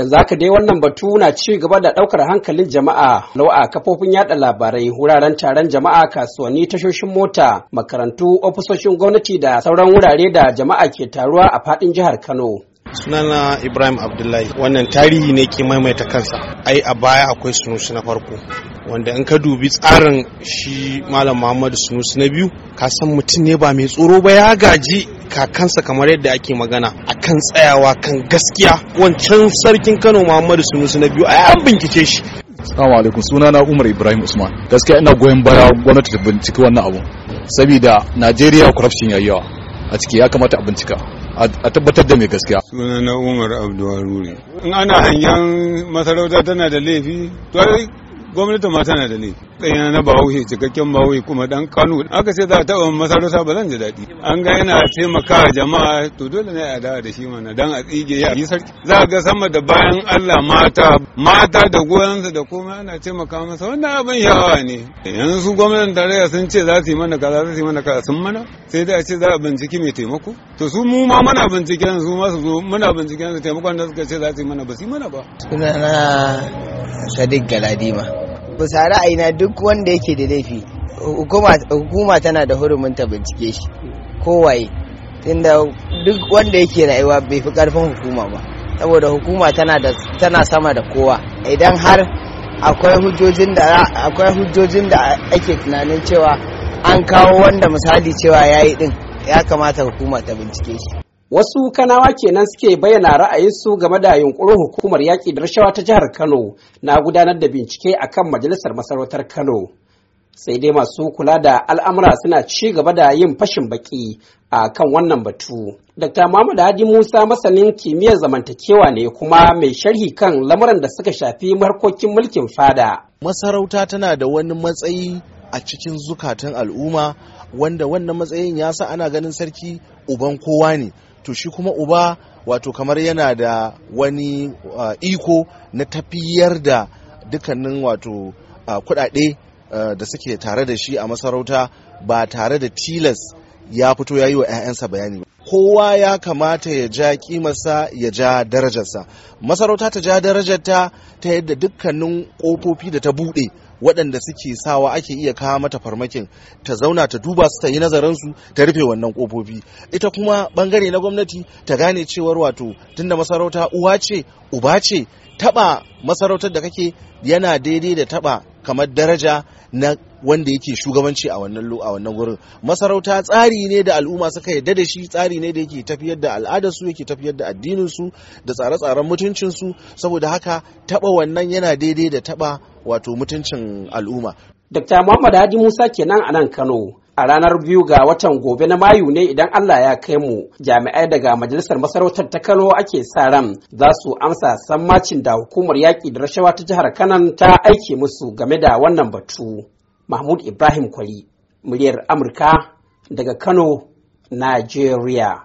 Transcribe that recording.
yanzu haka dai wannan batu na ci gaba da daukar hankalin jama'a lau'a kafofin yada labarai wuraren taron jama'a kasuwanni tashoshin mota makarantu ofisoshin gwamnati da sauran wurare da jama'a ke taruwa a fadin jihar kano sunana ibrahim abdullahi wannan tarihi ne ke maimaita kansa ai a baya akwai sunusu na farko wanda in ka dubi tsarin shi malam muhammadu sunusu na biyu ka san mutum ne ba mai tsoro ba ya gaji kakansa kamar yadda ake magana A kan tsayawa kan gaskiya wancan sarkin kano muhammadu sunusu na biyu a yan bincike shi Assalamu alaikum suna na Umar Ibrahim Usman gaskiya ina goyon baya gwamnati ta binciki wannan abu saboda Najeriya corruption yayi yawa a ciki ya kamata a bincika a tabbatar da mai gaskiya suna na Umar Abdulwaruri in ana hanyar masarauta tana da laifi to gwamnati ma tana da ne ɗaya na bahaushe cikakken bahaushe kuma dan kano aka ce za a taɓa masarauta ba zan ji daɗi an ga yana taimaka jama'a to dole ne a dawa da shi mana dan a tsige ya yi sarki za ga sama da bayan Allah mata mata da goyonsa da kuma ana taimaka masa wannan abin yawa ne yanzu gwamnatin tarayya sun ce za su yi mana kaza za su yi mana kaza sun mana sai dai a ce za a binciki mai taimako to su mu ma muna binciken su ma su zo muna binciken su taimakon da suka ce za su yi mana ba su yi mana ba sadiq galadima bisa ra'ayina duk wanda yake da laifi hukuma tana da hurumin ta bincike shi kowaye tunda duk wanda yake rayuwa bai fi karfin hukuma ba saboda hukuma tana sama da kowa idan har akwai hujjojin da ake tunanin cewa an kawo wanda misali cewa ya yi din ya kamata hukuma ta bincike shi Wasu kanawa kenan suke bayyana ra'ayinsu game da yunkurin hukumar yaƙi da rashawa ta jihar Kano na gudanar da bincike a kan majalisar masarautar Kano. Sai dai masu kula da al'amura suna ci gaba da yin fashin baki a kan wannan batu. Dr. Muhammad Hadi Musa masanin kimiyyar zamantakewa ne kuma mai sharhi kan lamuran da suka shafi harkokin mulkin fada. Masarauta tana da wani matsayi a cikin zukatan al'umma wanda wannan matsayin ya sa ana ganin sarki uban kowa ne. to shi kuma uba wato kamar yana da wani uh, iko na tafiyar da dukkanin wato uh, kuɗaɗe uh, da suke tare da shi a masarauta ba tare da tilas ya fito ya yi wa 'ya'yansa bayani kowa ya kamata ya ja kimarsa ya ja darajarsa masarauta ta ja darajarta ta yadda dukkanin kofofi da ta buɗe waɗanda suke sawa ake iya kawo mata farmakin ta zauna ta duba su ta yi nazarin su ta rufe wannan kofofi ita kuma bangare na gwamnati ta gane cewar wato tunda masarauta uwa ce uba ce taba masarautar da kake yana daidai da taba kamar daraja na wanda yake shugabanci a wannan a wannan gurin masarauta tsari ne da al'umma suka yarda da shi tsari ne da yake tafiyar da al'adar su yake tafiyar da addinin su da tsare-tsaren mutuncin su saboda haka taba wannan yana daidai da taba wato mutuncin al'umma Dr. Muhammad Hadi Musa kenan a nan Kano a ranar biyu ga watan gobe na Mayu ne idan Allah ya kai mu jami'ai daga majalisar masarautar ta Kano ake sa ran za su amsa sammacin da hukumar yaƙi da rashawa ta jihar Kanan ta aike musu game da wannan batu. Mahmud Ibrahim Kwali, muryar Amurka daga Kano, Nigeria.